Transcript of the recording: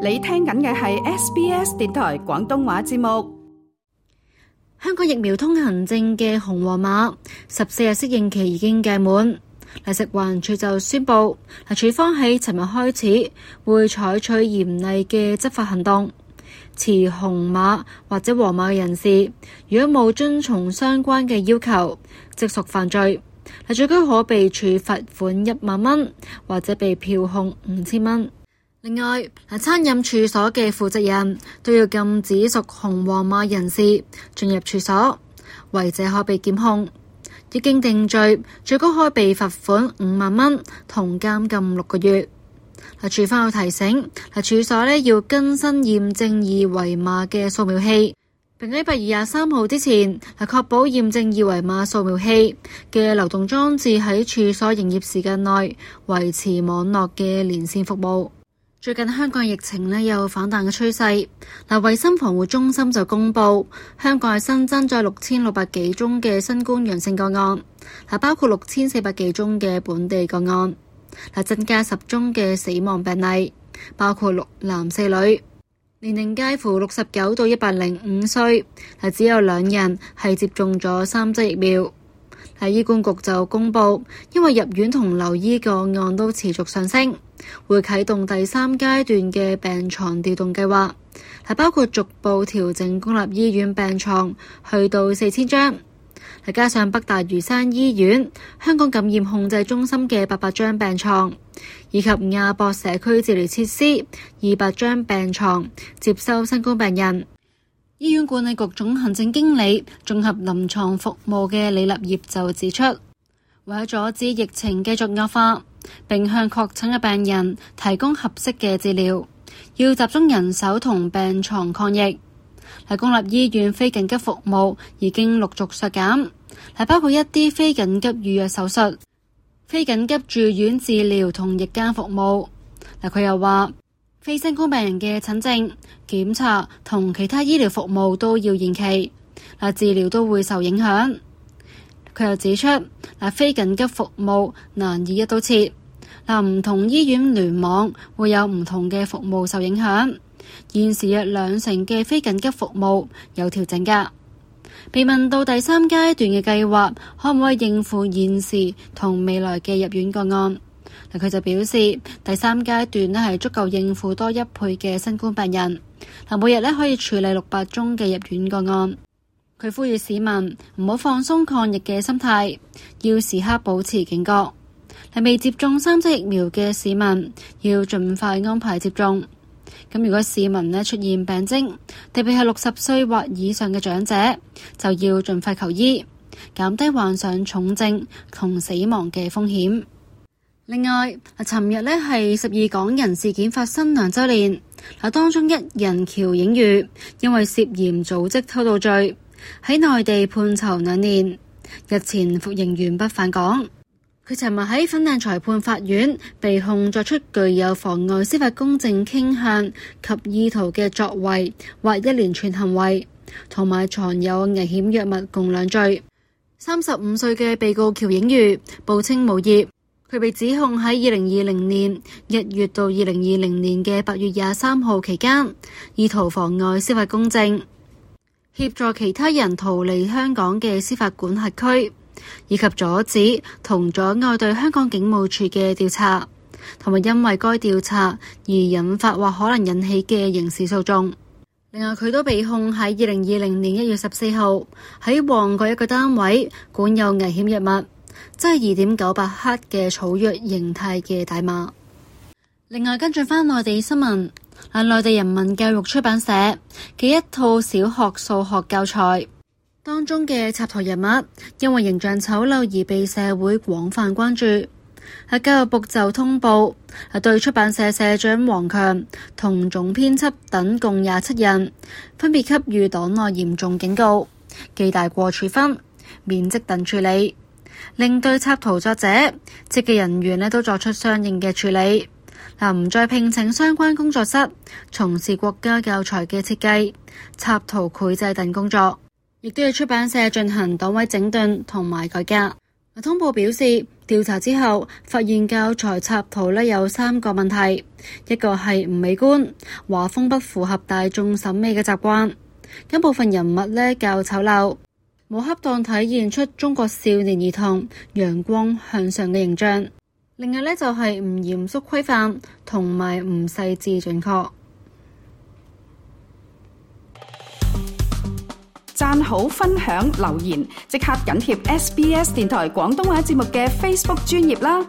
你聽緊嘅係 SBS 電台廣東話節目。香港疫苗通行證嘅紅黃碼十四日適應期已經屆滿，嚟食環署就宣布，嚟署方喺尋日開始會採取嚴厲嘅執法行動。持紅碼或者黃碼嘅人士，如果冇遵從相關嘅要求，即屬犯罪，嚟最高可被處罰款一萬蚊，或者被票控五千蚊。另外，餐飲處所嘅負責人都要禁止屬紅黃碼人士進入處所，違者可被檢控，一經定罪，最高可被罰款五萬蚊同監禁六個月。處方有提醒，處所呢要更新驗證二維碼嘅掃描器，並喺八月廿三號之前係確保驗證二維碼掃描器嘅流動裝置喺處所營業時間內維持網絡嘅連線服務。最近香港疫情呢有反彈嘅趨勢。嗱，衛生防護中心就公布，香港係新增咗六千六百幾宗嘅新冠陽性個案，嗱包括六千四百幾宗嘅本地個案，嗱增加十宗嘅死亡病例，包括六男四女，年齡介乎六十九到一百零五歲，係只有兩人係接種咗三劑疫苗。係醫管局就公布，因為入院同留醫個案都持續上升。會啟動第三階段嘅病床調動計劃，係包括逐步調整公立醫院病床去到四千張，係加上北大嶼山醫院香港感染控制中心嘅八百張病床，以及亞博社區治療設施二百張病床，接收新冠病人。醫院管理局總行政經理綜合臨床服務嘅李立業就指出，為咗阻止疫情繼續惡化，並向確診嘅病人提供合適嘅治療，要集中人手同病床抗疫。喺公立醫院非緊急服務已經陸續削減，嚟包括一啲非緊急預約手術、非緊急住院治療同夜間服務。嗱，佢又話，非新冠病人嘅診症、檢查同其他醫療服務都要延期，嗱治療都會受影響。佢又指出，嗱非緊急服務難以一刀切。嗱，唔同醫院聯網會有唔同嘅服務受影響。現時約兩成嘅非緊急服務有調整㗎。被問到第三階段嘅計劃可唔可以應付現時同未來嘅入院個案，嗱佢就表示第三階段呢係足夠應付多一倍嘅新冠病人，嗱每日呢可以處理六百宗嘅入院個案。佢呼籲市民唔好放鬆抗疫嘅心態，要時刻保持警覺。係未接種三劑疫苗嘅市民，要盡快安排接種。咁如果市民呢出現病徵，特別係六十歲或以上嘅長者，就要盡快求醫，減低患上重症同死亡嘅風險。另外，嗱，尋日呢係十二港人事件發生兩週年，嗱，當中一人喬影月因為涉嫌組織偷渡罪，喺內地判囚兩年，日前服刑完畢返港。佢尋日喺粉嶺裁判法院被控作出具有妨礙司法公正傾向及意圖嘅作為或一連串行為，同埋藏有危險藥物，共兩罪。三十五歲嘅被告喬影如報稱無業，佢被指控喺二零二零年一月到二零二零年嘅八月廿三號期間，意圖妨礙司法公正，協助其他人逃離香港嘅司法管轄區。以及阻止同阻礙對香港警務處嘅調查，同埋因為該調查而引發或可能引起嘅刑事訴訟。另外，佢都被控喺二零二零年一月十四號喺旺角一個單位管有危險藥物，即係二點九八克嘅草藥形態嘅大麻。另外，跟進翻內地新聞，係內地人民教育出版社嘅一套小學數學教材。當中嘅插圖人物因為形象醜陋而被社會廣泛關注。喺、啊、教育部就通報，係、啊、對出版社社長王強同總編輯等共廿七人分別給予黨內嚴重警告、記大過處分、免職等處理，另對插圖作者、設計人員咧都作出相應嘅處理。嗱，唔再聘請相關工作室從事國家教材嘅設計、插圖繪製等工作。亦都要出版社進行黨委整頓同埋改革。通報表示，調查之後發現教材插圖咧有三個問題，一個係唔美觀，畫風不符合大眾審美嘅習慣，一部分人物咧較醜陋，冇恰當體現出中國少年兒童陽光向上嘅形象。另外咧就係唔嚴肅規範同埋唔細緻準確。讚好分享留言，即刻緊貼 SBS 電台廣東話節目嘅 Facebook 專頁啦！